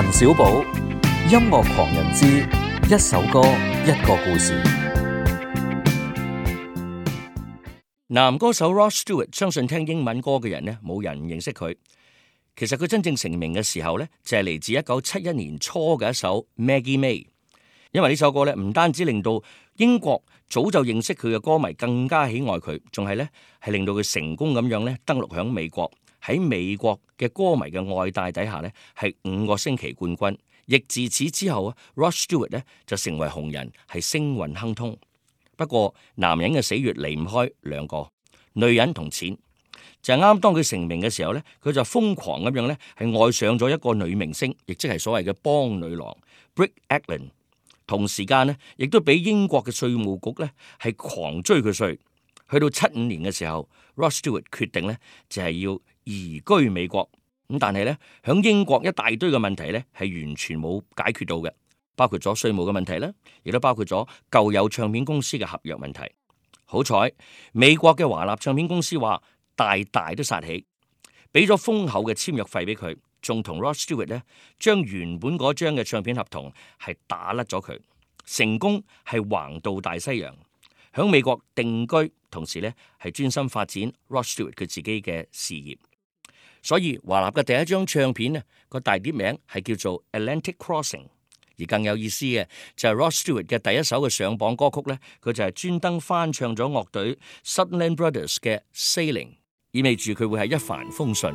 陳少寶，音樂狂人之一，首歌一個故事。男歌手 Rod Stewart，相信聽英文歌嘅人呢，冇人唔認識佢。其實佢真正成名嘅時候呢，就係嚟自一九七一年初嘅一首《Maggie May》。因為呢首歌呢，唔單止令到英國早就認識佢嘅歌迷更加喜愛佢，仲係呢係令到佢成功咁樣呢登陸響美國。喺美國嘅歌迷嘅愛戴底下咧，係五個星期冠軍。亦自此之後啊，Rod Stewart 咧就成為紅人，係星運亨通。不過男人嘅死穴離唔開兩個女人同錢，就啱當佢成名嘅時候咧，佢就瘋狂咁樣咧係愛上咗一個女明星，亦即係所謂嘅邦女郎 Britt Ekland。同時間咧，亦都俾英國嘅稅務局咧係狂追佢稅。去到七五年嘅時候，Rod Stewart 決定咧就係要。移居美國，咁但係咧，喺英國一大堆嘅問題咧係完全冇解決到嘅，包括咗稅務嘅問題咧，亦都包括咗舊有唱片公司嘅合約問題。好彩美國嘅華納唱片公司話大大都殺起，俾咗豐厚嘅簽約費俾佢，仲同 Rod Stewart 咧將原本嗰張嘅唱片合同係打甩咗佢，成功係橫渡大西洋，喺美國定居，同時咧係專心發展 Rod Stewart 佢自己嘅事業。所以華納嘅第一張唱片呢，個大碟名係叫做 Atlantic Crossing，而更有意思嘅就係 Rod Stewart 嘅第一首嘅上榜歌曲呢，佢就係專登翻唱咗樂隊 Sutherland Brothers 嘅 Sailing，意味住佢會係一帆風順。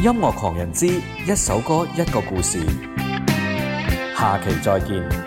音樂狂人之，一首歌，一個故事，下期再見。